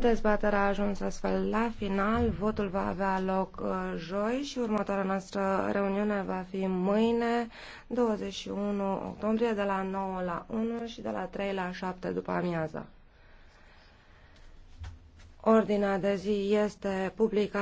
Dezbaterea a ajuns astfel la final. Votul va avea loc uh, joi și următoarea noastră reuniune va fi mâine, 21 octombrie, de la 9 la 1 și de la 3 la 7 după amiază. Ordinea de zi este publicată.